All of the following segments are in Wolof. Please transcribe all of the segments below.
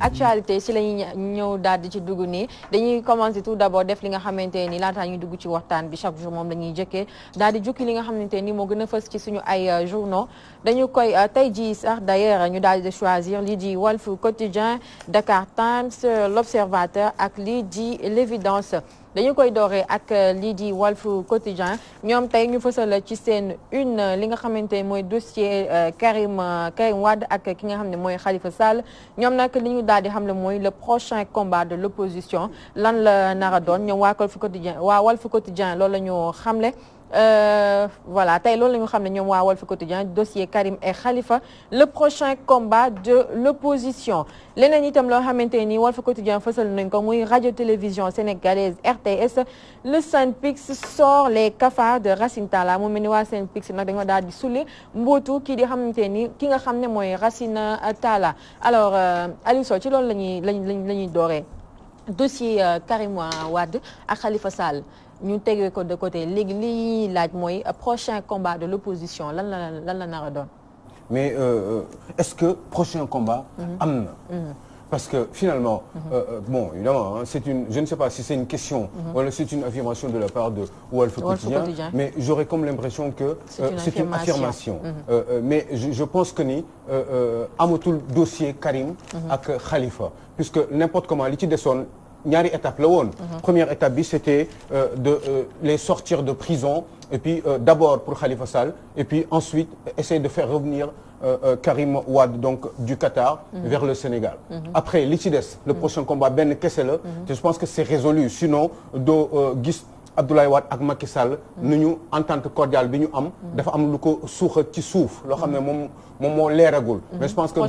actualité ci la ñuy ñëw daal di ci dugg nii dañuy commencer tout d'abord def li nga xamante ni laataa ñuy dugg ci waxtaan bi chaque jour moom la ñuy jëkkee daal di jukki li nga xamante ni moo gën a fës ci suñu ay euh, journaux dañu koy euh, tey jii sax d'ailleurs ñu daal di choisir lii di Walf Quotidien Dakar Times euh, l'Observateur ak lii di l'Évidence dañu koy dooree ak euh, lii di Walf Quotidien ñoom tey ñu fësal ci seen une euh, li nga xamante ne mooy dossier euh, Karim Karim Wade ak ki nga xam ne mooy Khalifa Sall ñoom nag li ñu daal di xam ne mooy le prochain combat de l'opposition lan la nara doon ñoom waa ko Walf Quotidien waa Walf Quotidien loolu la ñu xamle Euh, voilà tey loolu la ñu xam ne ñoom waa Walf Quotidien dossier Karim et Khalifa le prochain combat de l'opposition leneen itam loo xamante ni Walf Quotidien fësal nañ ko muy radio télévision sénégalaise RTS le SYNPICS sort les cafards de Racine Talla mu mel ni waa SYNPICS nag dañoo daal di sulli mbootu kii di xamante ni ki nga xam ne mooy Racine tala alors euh, aliso ci loolu la ñuy la ñuy la ñuy dooree dossier euh, Karim Wade ak Khalifa Sall. ñu tegee ko de côté léegi li ñuy laaj mooy euh, prochain combat de l'opposition lan la lan la nar a doon. mais euh, euh est-ce que prochain combat. Mhm. am na. Mhm. parce que finalement. Mhm. Euh, euh, bon évidemment c'est une je ne sais pas si c'est une question. wala c'est une affirmation de la part de. Walf Quotidien mais j'aurais comme l'impression que. c'est une affirmation mais je pense que ni amatul dossier Karim. ak Khalifa puisque n'importe comment li ci desoon. ñaari étape la woon mhm. première étape bi c'était euh, de euh, les sortir de prison et puis euh, d'abord pour Khalifa Sall et puis ensuite essayer de faire revenir Karim Wade donc du Qatar mhm. vers le Sénégal mhm. après li ci des le prochain combat benn kese la te je pense que c'est résolu sinon doo gis Abdoulaye Wade ak Macky Sall. Mm. nu ñu entente cordiale bi ñu am. Mm. dafa am lu ko suuxa ci suuf. loo xam ne moom moom moo leeragul. Mm-hmm. mais je pense que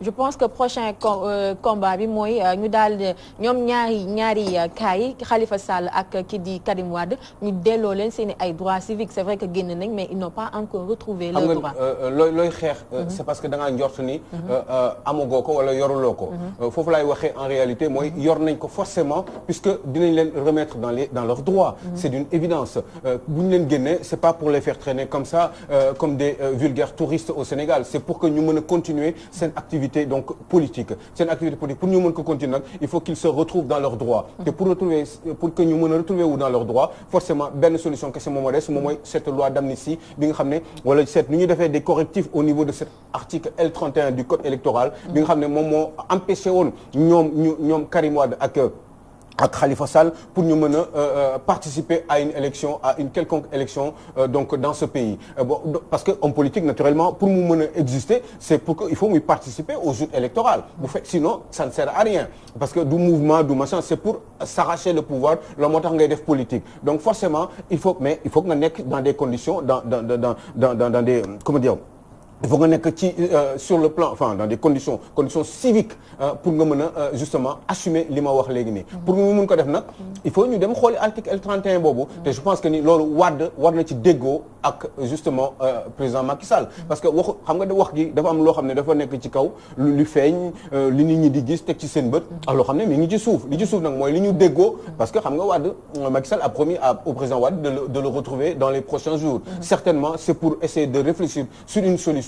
je pense que prochain euh, combat bi mooy euh, ñu daal ñoom ñaari ñaari euh, cas yi Khalifa Sall ak ki di Karim Wade ñu delloo leen seen ay droits civiques c'est vrai que génn nañ mais ils n'ont pas encore retrouvé looy xeex. Mm-hmm. c'est parce que da ngaa njort ni. Mm-hmm. amagoo ko wala yoruloo ko. foofu laay waxee en réalité mooy yor nañ ko forcément puisque dinañ leen remettre dans les dans c'est d'une évidence euh, bu ñu leen génnee c'est pas pour les faire traîner comme ça euh, comme des euh, vulgaires touristes au Sénégal c'est pour que ñu mën a continuer seen activité donc politique seen activité politique pour ñu mën ko continuer nag il faut qu'ils se retrouvent dans leurs droits mm. pour que ñu mën a retrouver wu dans leurs droits forcément benn solution kese moom moo des moom mooy loi d'amnistie bi nga des correctifs au niveau ñoom ñu ñoom Karim Wade ak Khalifa pour ñu mën a euh, euh, participer à une élection à une quelconque élection euh, donc dans ce pays euh, parce que homme politique naturellement pour mu mën a exister c'est pour que il faut muy participer aux joutes électorales sinon ça ne sert à rien parce que du mouvement du machin c'est pour s'arracher le moo tax ngay def politique donc forcément il faut mais il faut nga nekk dans des conditions dans dans dans dans des comment dire il faut nga nekk ci euh, sur le plan enfin dans des conditions civiques euh, pour nga mën euh, assumer li ma wax léegi nii. pour mu mun ko def nag. il faut ñu dem xooli article L31 boobu. Mm-hmm. te je pense que ni loolu Wade war na ci déggoo ak justement président Macky mm-hmm. parce que waxu nga wax gi dafa am ne dafa nekk ci kaw lu lu feeñ li nit ñi di ci seen bët. Mm-hmm. xam ne mi ngi ci suuf li ci suuf nag mooy li ñu déggoo. parce que xam nga Wade Macky a promis au président Wade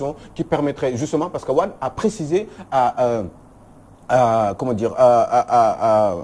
solution qui permettrait justement parce que Wade a précisé à, à, euh, à comment dire à, à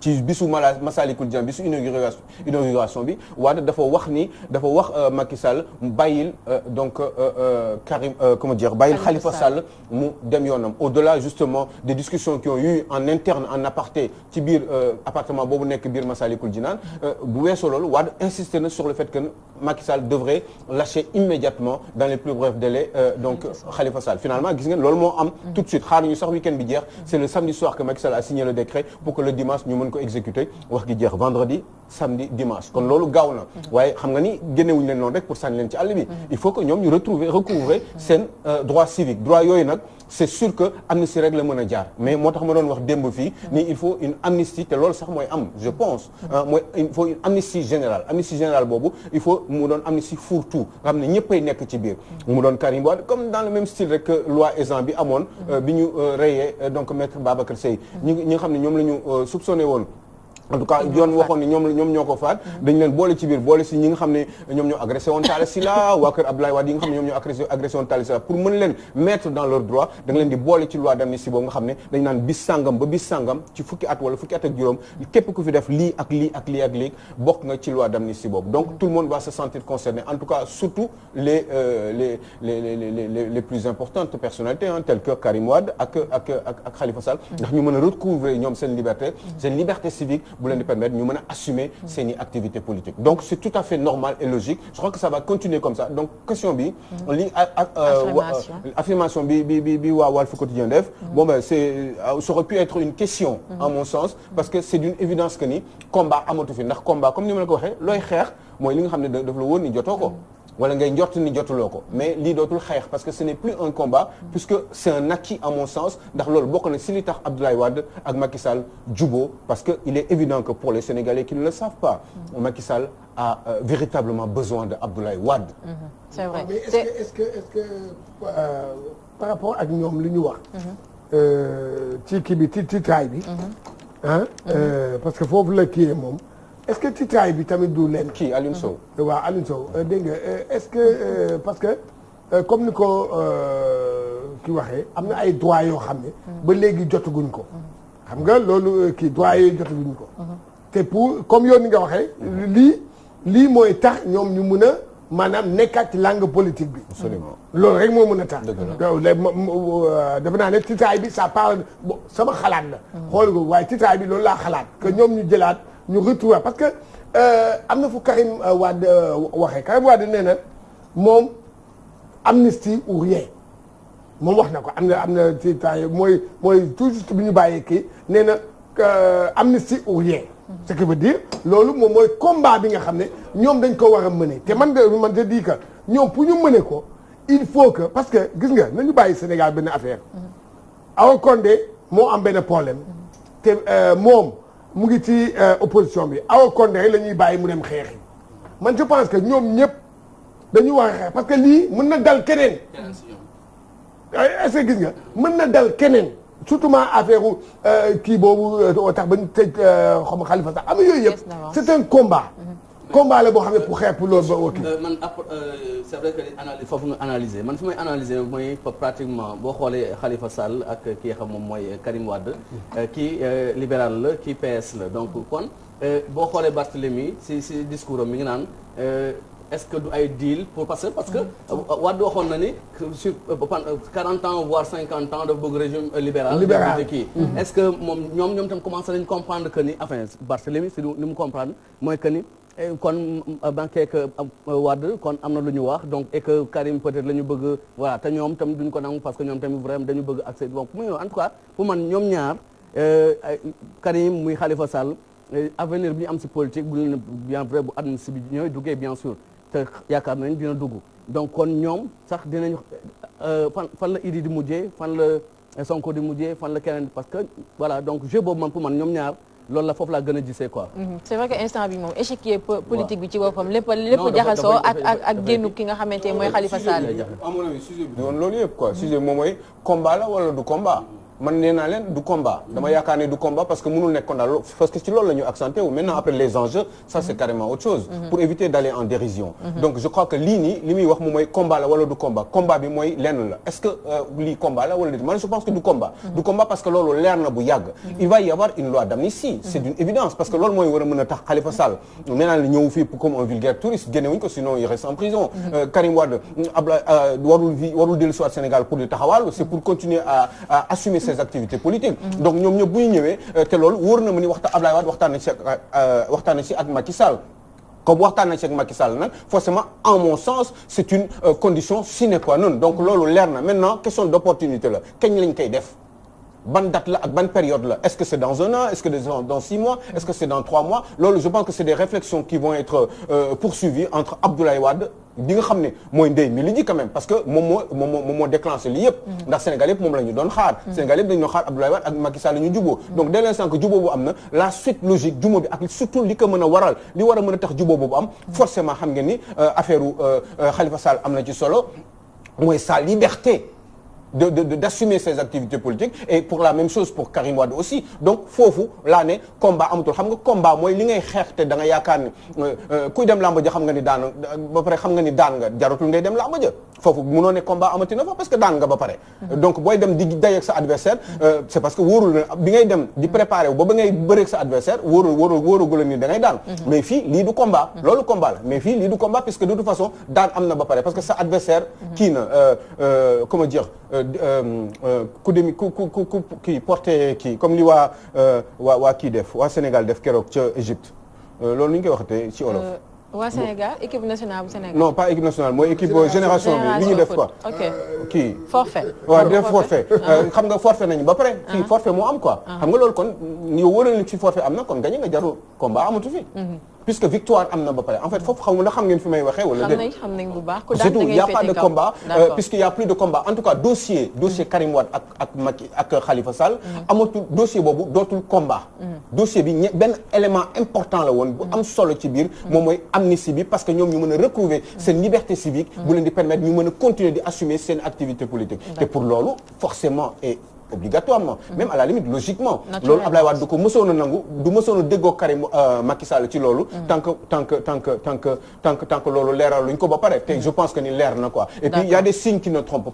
ci bisu mala Massalikul Jinaan bisu inauguration inauguration bi Wade dafa wax ni dafa wax euh, Macky Sall bàyyil euh, donc euh, Karim comment dire bàyyil Khalifa Sall mu dem yoonam au-delà justement des discussions qui ont eu en interne en aparté ci biir appartement boobu nekk biir Massalikul Jinaan bu weesoo loolu Wade insisté na sur le fait que Macky Sall devrait lâcher immédiatement dans les plus brefs délais donc Khalifa Sall finalement gis ngeen loolu moo am mm. tout de suite xaar ñu sax week-end bi jeex c'est le samedi soir que Macky Sall a signé le décret pour que le dimanche ñu mën nañ ko exécuté wax gi jeex vendredi samedi dimanche kon loolu gaaw mhm. waaye xam nga ni génnewuñu leen noonu rek pour sànni leen ci àll bi mhm. il faut que ñoom ñu retrouver recouvrer mhm. seen euh, droit civique droit yooyu nag c'est sûr que amnistie rek la mën a jaar mais moo tax ma doon wax démb fii ni il faut une amnistie te lool sax mooy am je pense euh, mooy il faut une amnistie générale amnistie générale boobu il faut mu doon amnistie fourre-tout xam ne ñëppay nekk ci biir mu doon Karim Wade comme dans le même style rek que loi Ezzan bi amoon euh, bi ñu ñi nga xam ne ñoom la ñu soupçonné woon en tout cas yoon waxoon ni ñoom ñoom ñoo ko faat mm-hmm. dañ leen boole ci biir boole si ñi nga xam ne ñoom ñoo agressé woon Talla Sylla waa kër Abdoulaye Wade yi nga xam ne ñoom ñoo agressé woon Talla Sylla pour mën leen mettre dans leur droit da nga leen di boole ci loi d'amnistie boobu nga xam ne dañ naan bis sàngam ba bis sàngam ci fukki at wala fukki at ak juróom képp ku fi def lii ak lii ak lii ak lii bokk nga ci loi d'amnistie boobu donc tout le monde va se sentir concerné en tout cas surtout les euh, les les les les plus importantes personnalités telles que Karim Wade ak ak ak Khalifa Sall mm-hmm. ndax ñu mën a recouvrer ñoom seen liberté mm-hmm. seen liberté civique bu leen di permettre ñu mën a assumer seen i activité politique donc c'est tout à fait normal et logique je crois que ça va continuer comme ça donc question bi mm-hmm. li euh, euh, affirmation bi bi bi bi waa Walf Quotidien def mm-hmm. bon ben c'est euh, ça aurait pu être une question mm-hmm. à mon sens parce que c'est d'une évidence que ni combat amatu fi ndax combat comme ni ma la ko waxee looy xeex mooy li nga xam ne daf la woon ni jotoo ko wala ngay njort ni jotuloo ko mais lii dootul xeex parce que ce n'est plus un combat puisque c'est un acquis à mon sens ndax loolu bokk na si li tax Abdoulaye Wade ak Macky Sall juboo parce que il est évident que pour les Sénégalais qui ne le savent pas mm-hmm. Macky Sall a euh, véritablement besoin de Abdoulaye Wade mm-hmm. c'est vrai mais que est-ce euh, par rapport ak ñoom li ñu wax mm-hmm. euh, ci kii bi ci bi euh, parce que foofu la kii moom est-ce que titraay bi tamit du leen. kii Alioune Sow. Euh, waaw Alioune Sow euh, dégg nga euh, est-ce que parce que comme ni ko ki waxee am na ay droits yoo xam ne. ba léegi jotaguñ ko. xam nga loolu kii droits yooyu jotaguñ ko. te pour comme yow ni nga waxee. lii lii mooy tax ñoom ñu mun a maanaam nekkaat ci langue politique bi. loolu rek moo mun a tax. dafa naa ne titraay bi ça parle bon sama xalaat la. xool ko waaye titraay bi loolu laa xalaat que ñoom ñu jëlaat. ñu retrouver parce que euh, am na fu Karim euh, Wade euh, waxee Karim Wade nee na moom amnistie ou moom wax na ko am na am na ci yi mooy mooy tout juste bi ñu bàyyee kii nee na amnistie ou rien mhm. ce qui veut dire loolu moom mooy combat bi nga xam ne ñoom dañ ko war a mëne te man de man de di que ñoom pour ñu mëne ko il faut que parce que gis nga nañu bàyyi Sénégal benn affaire mhm. Awa Condé moo am benn problème mhm. te moom mu ngi ci euh, opposition bi Awa konde la ñuy bàyyi mu dem xeexi man je pense que ñoom ñëpp dañu war a parce que lii mun na dal keneen est-ce gis nga mën na dal keneen surtout ma affaire euh, kii boobu euh, tax ba ñu tëj xaw ma Khalifa sax am yooyu yëpp c'est un combat mm-hmm. combat la boo xam ne pour xeex pour loolu ba wokki euh, man après euh, foofu nga analyser man fi may analyser mooy pratiquement boo xoolee Khalifa Sall ak kii xam moom mooy Karim Wade euh, kii libéral la kii PS la donc kon boo xoolee Barthélemy si si discours am mi ngi naan est-ce que du ay deal pour parce que parce que Wade waxoon na ni sur quarante ans voire cinquante ans dafa bëgg régime libéral libéral kii mm-hmm. est-ce que moom ñoom ñoom tam commencé nañ comprendre que ni enfin Barthélemy si mooy que ni Eh, kon euh, banque que euh, Wade kon am na lu ñu wax donc et que Karim peut-être la ñu bëgg voilà te ñoom tam duñ ko nangu parce que ñoom tamit vraiment dañu bëgg accès donc muy en tout cas pour man ñoom ñaar euh, muy Khalifa Sall eh, avenir bi ñu am si politique bu ñu bien vrai bu administre bi ñooy duggee bien sûr te yaakaar nañ dina dugg donc kon ñoom sax dinañ fan fan la Idi di mujjee fan la Sonko di mujjee fan la keneen parce que voilà donc jeu boobu man pour man ñoom ñaar loolu la foofu laa gën a gisee quoi. Mhm. c'est vrai que instant bi moom échiquier politique bi ci boppam lépp lépp jaxasoo ak ak ak génnu ki nga xamante ne mooy Khalifa Sall. amoon na sujet bi loolu yëpp quoi sujet moom mooy combat la wala du combat. man nee naa leen du combat du combat parce que mënul nekk combat parce que ci loolu la ñu accenté wu maintenant après les enjeux c'est carrément autre chose mhm. pour éviter d'aller en dérision mhm. donc je crois que lii wax moom combat la du combat combat bi mooy lenn la est-ce que euh, lii combat la wala du man je pense que mhm. du combat parce que loolu leer na bu yàgg il va y avoir une loi d'amnistie c'est d'une évidence parce que loolu mooy war a mën ses activités politiques donc ñoom ñëpp bu ñu ñëwee euh, te loolu wóor na ma ni waxta Ablaye waxtaan na ci euh, waxtaan na ci ak Macky Sall comme waxtaan euh, loolu leer na maintenant question d'opportunité la kañ koy def ban date la ak ban période la est-ce que c'est dans un an est-ce que c'est dans six mois est-ce que c'est dans trois mois loolu je bi nga xam ne mooy ndey mi li ji quand parce que moom moo moom moo moom moo lii yëpp mm-hmm. ndax Sénégal yëpp moom la ñu doon xaar mm-hmm. Sénégal yëpp dañu doon xaar Abdoulaye Wade ak Macky Sall la ñu mm-hmm. donc dès l'instant que boobu am na la suite logique juboo bi ak surtout li ko mën a waral li war a mën a tax juboo boobu am forcément xam ngeen ni euh, affaire u euh, euh, Khalifa saal am na ci solo mooy sa liberté de de d'assumer ses activités politiques et pour la même chose pour Karim Wade aussi donc foofu laa ne combat amatul xam nga combat mooy li ngay xeex te nga yaakaar ne euh, euh, kuy dem làmba ja xam nga ni daan ba pare xam nga ni daan nga jaratul ngay dem làmba ja foofu munoo ne combat amati na fa parce que daan nga ba pare donc booy dem di dayeeg sa adversaire euh, c'est parce que wóorul na bi ngay dem di préparer wu ba ba ngay bëreeg sa adversaire wóorul wóorul wóoragula ngay daan mhm. mais fii lii du combat mhm. loolu combat la mais fii lii du combat puisque de toute façon daan am na ba pare parce que sa adversaire mhm. kii na euh, euh, comment dire ku demi ku ku ku kii porté kii comme li waa waa waa kii def waa Sénégal def keroog ca Égypte loolu ni ñu koy waxatee ci olof waa Sénégal équipe nationale bu Sénégal. non pas équipe nationale mooy équipe génération bi li ñu def quoi. ok euh, kii forfait. waaw def forfait ah. euh, xam nga forfait nañu ba pare. Ah. kii forfait moo am quoi. Ah. xam nga loolu kon yow wóor na ci forfait am na kon gañe nga jarul combat amatu fi. Mhm. puisque victoire am na ba pare en fait foofu xamul la xam ngeen fi may waxee wala déet xam nañ bu baax surtout y' a pas de combat euh, puisque y' a plus de combat en tout cas dossier dossier mm-hmm. Karim Wade ak ak Macky ak Khalifa Sall mm-hmm. amatul dossier boobu dootul combat mm-hmm. dossier bi benn élément important la woon bu am solo ci biir moom mooy amnistie bi parce que ñoom ñu mën a retrouver seen liberté civique bu leen di permettre ñu mën a continuer di assumer seen activité politique te pour loolu forcément et obligatoirement mm. même a la limite logiquement loolu Ablaye Wade du ko mësoon a nangu du mësoon a déggoo Karim euh, Macky ci loolu mm. tant que tant que loolu leeral ko ba pare te mm. je pense que ni leer na quoi et puis il y a des signes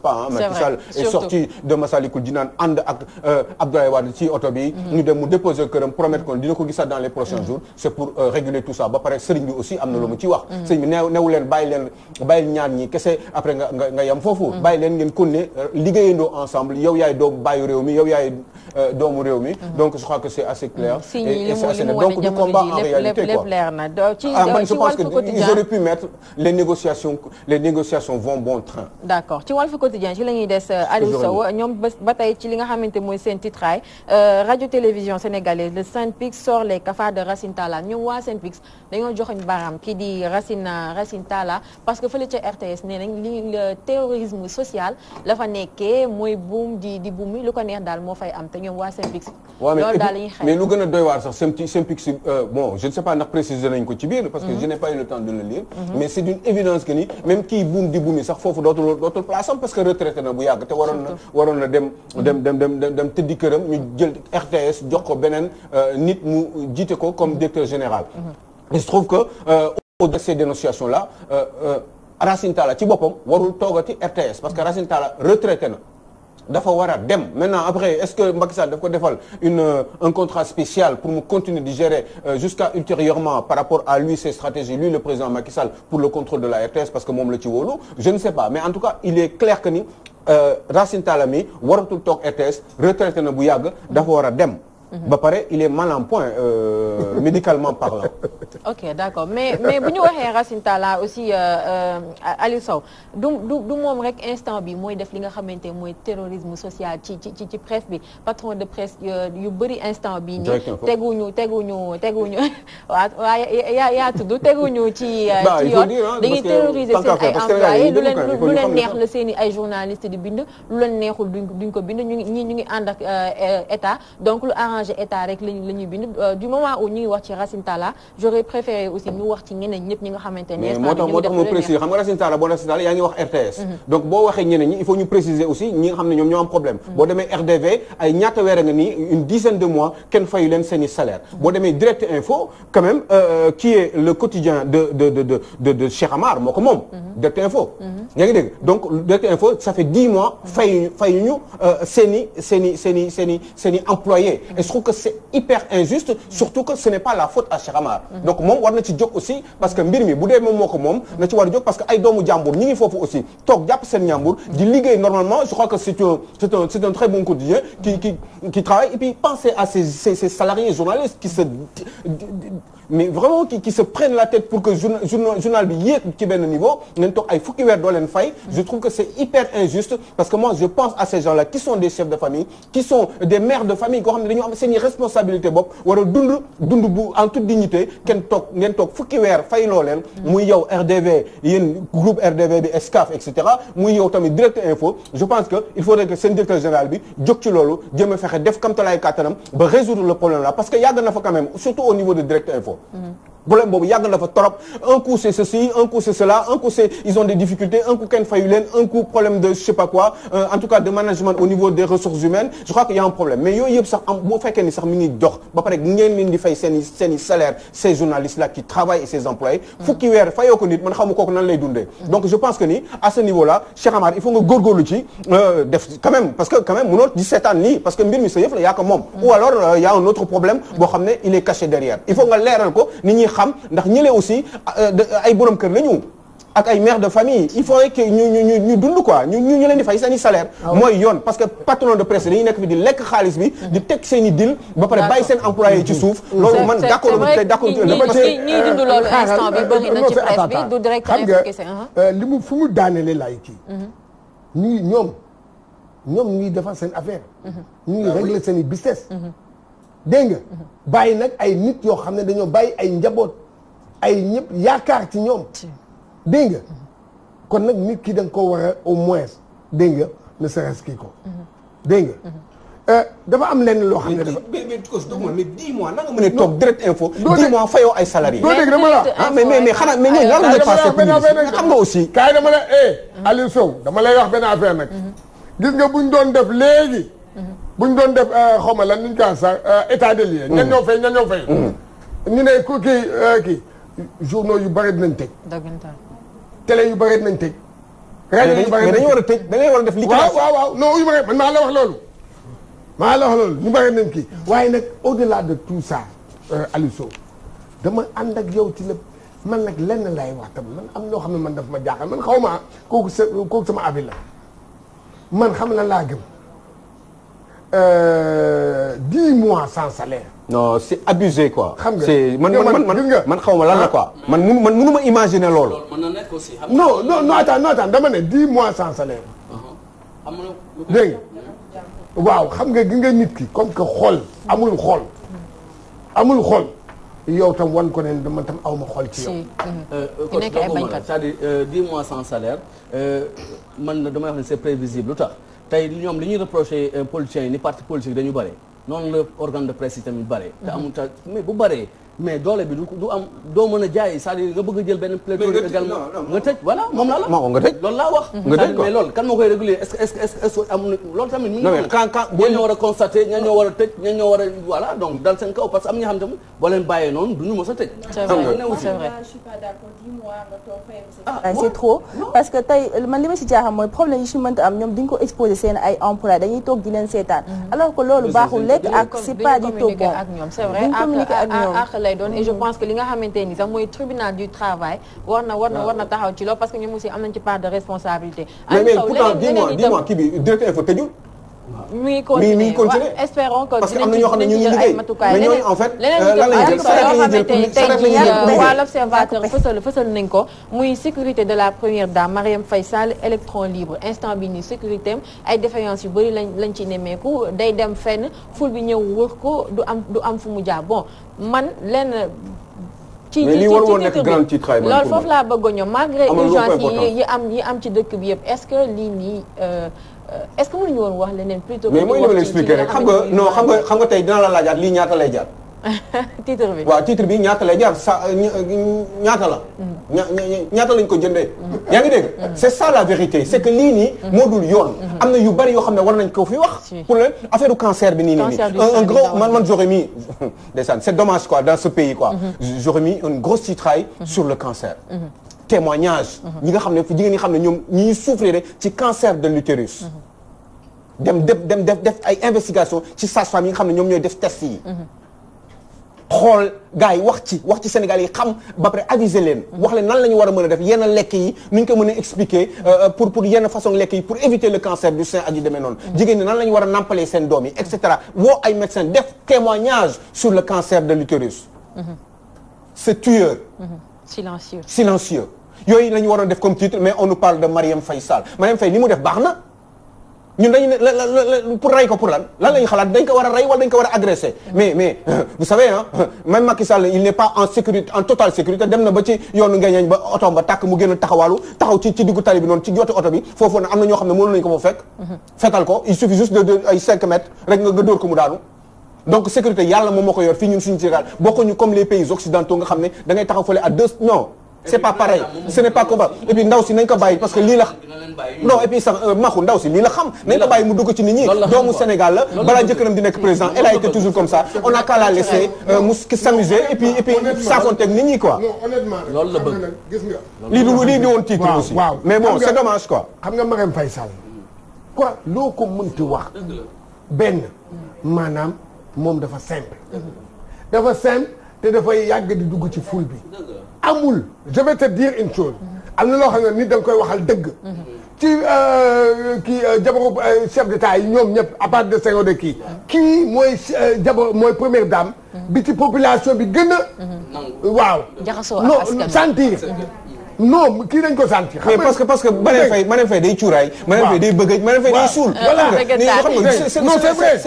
pas ah sorti de Massalikul Jinaan ànd ak euh, Abdoulaye Wade ci oto bi mm-hmm. ñu dem mu déposer këram promettre qu'on mm-hmm. dina ko gisaat dans les prochains mm-hmm. jours c'est pour euh, réguler tout ça ba pare sëriñ bi aussi am na lu ci wax sëriñ bi neew leen yaayu réew mi yow yaay euh, doomu réew mi. Mhm. donc je crois que c'est assez clair. Mhm. si ñi donc du combat en réalité quoi ah man je pense que ils auraient mettre les négociations vont bon train. d'accord ci Walf Quotidien ci la des euh, Aliou Sow ñoom ci li nga xamante mooy seen titraay euh, radio télévision sénégalaise le SYNPICS sort les cafards de Racine Talla ñoom waa SYNPICS dañoo joxoñ baaraam kii di Racine Racine Talla parce que fële RTS nee li terrorisme social la fa nekkee mooy buum di di buum ko neex daal moo fay am te ñoom waa Synpics. loolu daal la ñuy mais lu gën a waar sax Synpics euh, je ne sais pas ndax préciser nañ ko ci biir. parce que mhm. je n'ai pas eu temps de le lire. Mhm. mais c'est d'une évidence que ni même kii buum di buumi sax foofu dootul dootul place am parce que retraité na bu yàgg te waroon na mhm. dem dem dem ñu jël RTS jox beneen euh, nit mu jiite ko comme directeur général. il se que euh, au-delà de Racine Talla ci boppam warul toogati RTS parce dafa war a dem maintenant après est-ce que Macky Sall ko defal une euh, un contrat spécial pour mu continuer di gérer euh, jusqu'à ultérieurement par rapport à lui ses stratégies lui le président Macky Sall pour le contrôle de la RTS parce que moom la ci je ne sais pas mais en tout cas il est clair que ni euh, Racine Talla mi waratul toog RTS retraité na bu yàgg dafa war a dem Mhm. ba pare il est mal en point euh, médicalement parlant. ok d'accord mais mais bu ñu waxee Racine Talla aussi euh, euh, Aliou Sow du du du moom rek instant bi mooy def li nga xamante mooy terrorisme social ci ci ci presse bi patron de presse euh, yu bëri instant bi nii teguñu teguñu teguñu waaw waaw yaa yaa tudd teguñu ci. ci yoon dañuy terroriser seen ay employés lu leen neex la seen i ay journalistes di bind lu leen neexul duñ ko bind ñu ngi ñu ngi ànd ak état donc lu arrangé changer état rek lañ la ñuy euh, du moment où ñu ngi wax ci Racine préféré aussi ñu wax ci ñeneen ñi nga xamante ne moo tax moo tax moo préciser xam yaa ngi wax RTS mm-hmm. donc boo waxee ñeneen ñi il faut ñu préciser aussi ñi nga xam ne ñoom ñoo problème mm-hmm. boo demee RDV ay ñaata weer a nga une dizaine de mois kenn fayu leen seeni salaire mm-hmm. boo demee direct info quand même euh, euh, est le quotidien de de moo ko moom direct info yaa fait dix mois fayuñu fayuñu seeni je trouve que c'est hyper injuste surtout que ce n'est pas la faute à Cheikh Amar mhm. donc moom war na ci jóg aussi parce que mbir mi bu dee moom moo ko moom na ci war a jóg parce que ay doomu jàmbur ñi ngi foofu aussi toog jàpp seen jàmbur di mhm. liggéey normalement je crois que c'est un c'est un c'est un très bon quotidien qui qui qui travaille et puis pensez à ces ces, ces salariés journalistes qui se mais vraiment qui qui se prennent la tête pour que journal journal bi yéeg ci benn niveau ngeen toog ay fukki weer doo leen je trouve que c'est hyper injuste parce que je pense à ces gens-là qui sont des chefs de famille qui sont des mères de famille koo xam ne responsabilité bopp en toute dignité kenn toog ngeen toog fukki weer fay loo leen. muy yow RDV yéen groupe RDV bi Escaf et cetera muy yow direct info je pense que faudrait que seen directeur général bi jóg ci loolu jéem a fexe def kamtalaay kàttanam ba résoudre le problème là parce ko problème boobu yàgg na fa trop un coup c'est ceci un coup c'est cela un coup c'est ils ont des difficultés un coup kenn fayu leen un coup problème de je sais pas quoi euh, en tout cas de management au niveau des ressources humaines je crois qu'il y a un problème mais yooyu yëpp sax am boo fekkee ni sax mi ngi dox ba pare ngeen leen di fay seen i seen i salaire ces journalistes là qui travaillent et ces employés fukki weer fayoo ko nit man xamu kooku nan lay dundee donc je pense que ni à ce niveau là Cheikh Amar il faut nga góorgóorlu ci euh, def quand même parce que quand même mënoo di seetaan nii parce que mbir mi sa yëf la yaa ko moom ou alors il euh, y a un autre problème boo xam ne il est caché derrière il faut nga leeral ko nit ñi xam ndax ñële aussi euh, ay borom kër lañu ak ay mère de famille il faudrait que ñu ñu ñu dund quoi ñu ñu leen di fay seen i salaire ah mooy yoon parce que patron de presse dañuy nekk fi di lekk xaalis bi di teg seen i deal ba pare bàyyi seen employé ci suuf mm-hmm. loolu man d'accord d'accord ñuy loolu instant bi bëri du direct xam nga euh, li mu fu mu daanele laay kii mm-hmm. ñuy ñoom ñoom ñuy defar seen affaire mm-hmm. ñuy régler seen business dégg nga bàyyi nag ay nit yoo xam ne dañoo bàyyi ay njaboot ay ñëpp yaakaar ci ñoom dégg nga mm-hmm. kon nag nit ki da nga ko war a au moins dégg nga ne serait-ce kii ko mm-hmm. dégg nga mm-hmm. euh, dafa am lenn loo xam ne dafa. mais mais Coach dëgg ma mais dix mois na nga mën a toog direct info. dix mois fayoo ay salariés. doo dégg dama la ah mais mais xanaa mais ñoom lan la ah, passé. xam nga aussi. kaay dama la eh Aliou Sow dama lay wax benn affaire nag. gis nga buñ doon def léegi. bu ñu doon def euh, xaw ma lan ni ñu koy sax euh, état des lieux. Mm. ña ñoo fay ña ñoo fay. Mm. ñu ne ku kii euh, kii journaux yu bëri dinañ tëj. dëggantaan télé yu bëri dinañ tëj. rajo yu bëri dinañ tëj mais dañu war a tëj dañu war a def. li waaw waaw waaw non uyu ma man maa la wax loolu. maa la wax loolu ñu bëri nañ kii mm. waaye nag au delà de tout ça Aliou Sow dama ànd ak yow ci lépp man nag lenn lay wax tam man am loo xam ne man daf ma jaaxal man xaw ma kooku sa kooku sama avis la man xam lan laa gëm. Euh, dix mois sans salaire. non c'est abusé quoi. xam nga c'est man man man man xaw ma lan la ah. quoi. man munu man munu ma imaginer loolu. mën na nekk aussi. non non non attends non attends dama ne dix mois sans salaire. Uh-huh. am na dégg nga waaw xam nga gi nga nit ki comme que xool amul xool. amul xool. yow tam wan ko ne dama tam aw ma xool ci yow. Uh-huh. Euh, euh, ku nekk ay bañkat c'est-à-dire dix mois sans salaire man damay wax ne c'est prévisible lu tax. tey ñoom li ñuy reproché euh, politiciens yi ni parti politique dañu bare noonu la organe de presse yi tamit bare te mhm. amul ta mais bu baree mais doole bi du du am doo mën a jaay c'est-à-dire nga bëgg a jël benn pléthore également nga tëj voilà moom laa la moo nga tëj loolu laa wax nga tëj mais loolu kan moo koy réguler est-ce que est-ce que am loolu tamit mi ngi noonu quand quand ña ñoo war a constater ña ñoo war a tëj ña ñoo war a voilà donc dal seen kaw parce que am ñoo xam tamit boo leen bàyyee noonu du ñu mës a tëj c'est vrai ah c'est trop parce que tey man li ma si jaaxam mooy problème yi si mënta am ñoom duñ ko exposer seen ay employé dañuy toog di leen seetaan mm-hmm. alors que loolu baaxul lekk ak c'est pas du tout bon communiquer ak ñoom lay doon et je mm-hmm. pense que li nga xamante ni sax mooy tribunal du travail war na war na war na taxaw ci loolu parce que ñoom aussi am nañ ci part de responsabilité. mais mais pourtant dis-moi dis-moi kii bi directeur info tëjul mi ngi continué que parce ñoo xam ne ñu ngi liggéey mais ñooñu en fait. leneen la ñuy jël sareet la ñuy jël waa l'observateur fësal fësal nañ ko muy sécurité de la première dame Marième fay Sall électron libre instant bi ni sécurité am ay défaillance yu bëri lañ lañ ci nemmeeku day dem fenn ful bi ñëw wër ko du am du am fu mu jaar bon man lenn. ci ci ci titre bi loolu foofu laa bëggoon ñoom malgré urgence yi am yi am ci dëkk bi yëpp est-ce que lii nii. Euh, Euh, est-ce que mënuñu woon wax leneen plutôt. mais mooy li ma leen expliqué rek xam nga non xam nga xam nga tey dina la laajaat lii ñaata lay jaar. titre bi waaw titre bi ñaata lay jaar sa euh, euh, ñaata la. Mm. ña ñaata lañ ko jëndee. Mm. yaa ngi dégg. Mm. c'est ça la vérité c'est que lii nii. moo dul yoon. am na yu bari yoo xam ne war nañ ko fi wax. pour le affaire du cancer bi nii nii nii. un gros man man j'aurais mis ndeysaan c'est dommage quoi dans ce pays quoi. Mm-hmm. j'aurais mis une grosse titraille mm-hmm. sur le cancer. Mm-hmm. témoignage ñi nga xam ne jigéen ñi xam ne ñoom ñuy souffrir ci cancer de l'utérus dem def dem def def ay investigation ci sage yi xam ne ñoom ñooy def test yi xool gars yi wax ci wax ci Sénégal yi xam ba pare aviser leen wax leen nan la ñu war a mën a def yenn lekk yi nu ñu ko mën a expliquer euh, euh, pour yenn façon lekk yi pour éviter le cancer du sein ak yu demee noonu jigéen ñi nan lañu ñu war a nàmpalee seen doom yi et cetera woo ay médecin def témoignage sur le cancer de l'utérus mmh. c'est tueur mmh. silencieux silencieux yooyu la ñu waroon def comme titre mais on nous parle de Marième Faye Sall Marième Faye mu def baax na ñun dañu ne pour rey ko pour lan lan la ñu xalaat dañ ko war a rey wala dañ ko war a agressé mais mais euh, vous savez ah même Macky Sall il n'est pas en totale sécurité dem na ba ci yoonu ngeeñañ ba oto ba tàkk mu génn taxawaalu taxaw ci ci diggu tali bi noonu ci jooti oto bi foofu na am na ñoo xam ne mënu nañu ko fa fekk mhm. fekkal ko il suffit juste de ay mètres rek nga nga mu daanu donc sécurité yàlla moom moo ko yor fii ñun suñu Sénégal bokkuñu comme les pays occidentaux nga xam ne da ngay taxaw fële à deux non c'est pas pareil ce n'est pas combat et puis ndaw si nañ ko parce que euh, lii la xam nañ ko bàyyi mu dugg ci nit doomu Sénégal la balaa jëkkëram di nekk président elle a été toujours comme ça on a qu'à la laisser euh, mu s'amuser et puis et puis saafonteeg nit quoi loolu du lii titre aussi mais bon c'est dommage quoi xam nga Marème ko mënti wax moom dafa simple. dafa simple te dafay yàgg di dugg ci foule bi. amul je vais te dire une chose. am na loo xam ne nit da koy wax al dëgg. ci euh, kii euh, jabaru euh, chef d'état yi ñoom ñëpp à part de Senghor de kii. kii mooy jabar mooy première dame. bi ci population bi gën a. waaw jaxasoo ak askan sentir. ma kii dañ day cuuraay. waaw Marème Faye day bëgg Marème Faye day suul. voilà non c'est vrai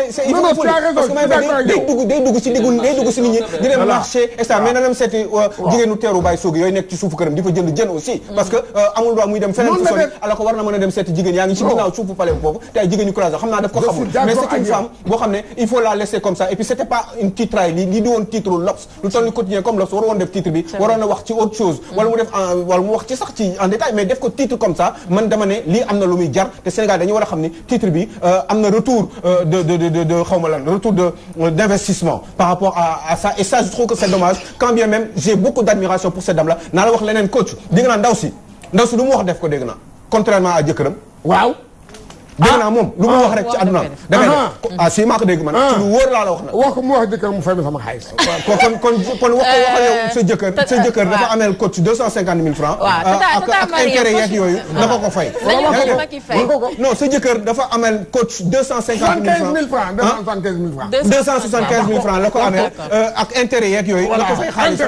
non lii woon titre L'Obs lu toll ni quotidien comme L'Obs waroon def titre bi waroon na wax ci autre chose mm. wala mu def wala mu wax ci sax ci en détail mais def ko titre comme ça man dama ne lii am na lu muy jar te Sénégal dañu war a xam ne titre bi euh, am na retour euh, de de de de xaw ma lan retour de euh, d' investissement par rapport à à ça et ça je trouve que c' est quand bien même j'ai beaucoup d' pour cette dame là naa la wax leneen coach dégg naa ndaw si ndaw si lu mu wax def ko dégg naa contrairement à jëkkëram waaw. dégg naa moom lu ma wax rek ci ah, àdduna da ngay def ah si maa ko dégg man ah. ci lu wóor laa la wax na wax ko mu wax jëkkër mu fay ma sama xaalis kon kon kon kon wax ko waxal yow sa jëkkër sa jëkkër dafa ameel coach deux cent cinquante mille francs ah, ak ak intérêt yeeg yooyu dafa ko fay non sa jëkkër dafa ameel coach deux cent cinquante mille francs deux cent soixante quinze mille francs la ko ameel euh, ak intérêt yeeg yooyu la ko fay xaalis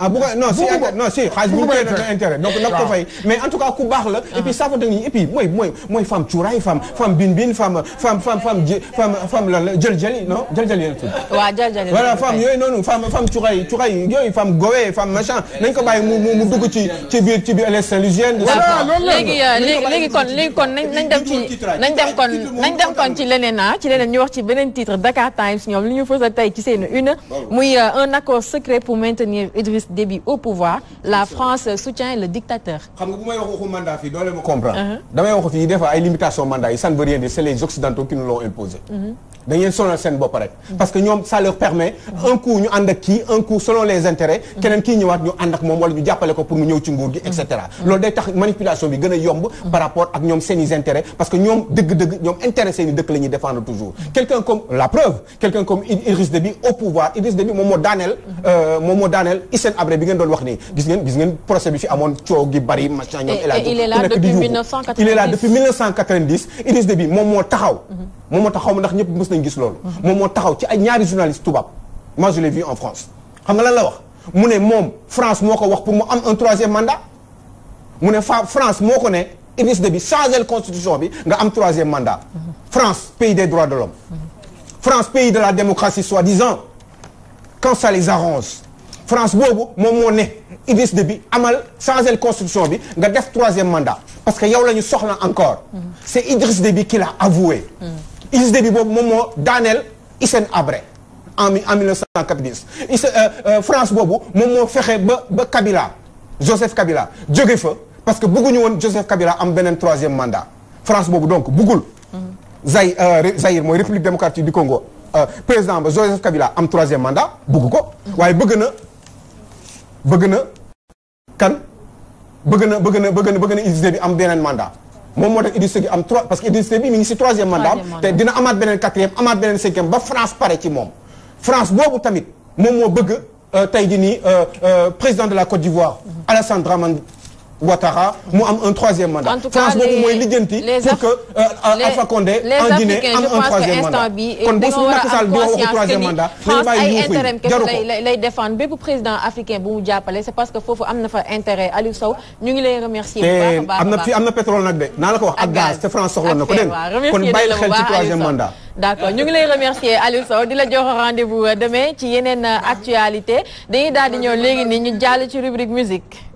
ah bu ko non si non si xaalis bu ñu koy intérêt donc la ko fay mais en tout cas ku baax la et puis safonte nii et puis mooy mooy mooy femme cuuraay femme femme bin bin femme femme femme femme femme femme lan la jël jëli non jël jëli yéen tudd. waaw jël jëli voilà femme yooyu noonu femme femme cuuraay cuuraay yooyu femme gowee femme machin nañ ko bàyyi mu mu dugg ci ci biir ci biir les saint-louisienne. voilà loolu la euh, léegi léegi kon léegi kon nañ nañ dem ci nañ dem kon nañ dem kon ci leneen ah ci leneen ñu wax ci beneen titre Dakar Times ñoom li ñu fësal tey ci seen une muy euh, un accord secret pour maintenir Idriss Déby au pouvoir la France soutient le dictateur. xam nga bu may wax waxu mandat fii doo leen ma comprendre. Uh-huh. damay wax fii des fois ay limitations prolongation mandat yi ça ne veut rien dire c'est les occidentaux qui nous l'ont imposé. Mm -hmm. da ngeen sonal seen bopp rek. parce que ñoom ça leur permet. un coup ñu ànd ak kii un coup selon les intérêts. keneen kii ñëwaat ñu ànd ak moom wala ñu jàppale ko pour mu ñëw ci nguur gi et cetera. loolu day tax manipulation bi gën a yomb. par rapport ak ñoom seen i parce que ñoom dëgg-dëgg ñoom intérêt seen i dëkk la ñuy défendre toujours. quelqu'un comme la preuve quelqu'un comme Idriss Déby au pouvoir Idriss Déby moom moo daaneel. Euh, moom moo daaneel moom moo taxaw moom moo tax xaw ma ndax ñëpp mës nañ gis loolu. moom moo taxaw ci ay ñaari journaliste tubaab moi je l'ai vu en France. xam nga lan la wax mu ne moom France moo ko wax pour mu am un troisième mandat mu ne fa France moo ko ne Idriss Déby changer constitution bi nga am troisième mandat. France pays des droits de l'homme France pays de la démocratie soi-disant quand ça les arrange. France boobu moom moo ne Idriss bi amal changer constitution bi nga def troisième mandat parce que yow la ñu soxla encore. Mm-hmm. c'est Idriss Déby qui l'a ISD bi boobu moom moo daaneel Hissène Habré en en 1990 euh, euh, France boobu moom moo fexe ba ba Kabila Joseph Kabila jóge fa parce que bëgguñu woon Joseph Kabila am beneen troisième mandat France boobu donc bëggul. Mm-hmm. Zaï euh, Zaïre mooy République démocratique du Congo président ba Joseph Kabila am troisième mandat bëgg ko. Mm-hmm. waaye bëgg na bëgg na kan bëgg na bëgg na bëgg na bëgg na ISD bi am beneen mandat. moom moo tax Idriss Seck am trois parce que Idriss Seck bi mi ngi si troisième mandat te dina amaat beneen quatrième amaat beneen cinquième ba France pare ci moom France boobu tamit moom moo bëgg euh, tey jii nii euh, euh, président de la Côte d'Ivoire Alassane Dramane Ouattara mu am un troisième mandat. en tout cas France boobu mooy lijjanti. pour que euh, Alpha Condé en Guinée am un troisième mandat kon bés bu Macky Sall di wax lay lay défendre bépp président africain bu mu jàppale c'est parce que foofu am na fa intérêt ali Sow ñu ngi lay remercier. bu baax a baax am na am na pétrole nag de. naa la ko wax ak gaz te France soxla na ko dégg kon bàyyi xel ci troisième mandat. d'accord ñu ngi lay remercier Aliou Sow di la jox rendez demain ci yeneen actualité dañuy daal di ñëw léegi nii ñu jàll ci rubrique musique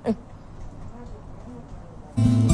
Thank you.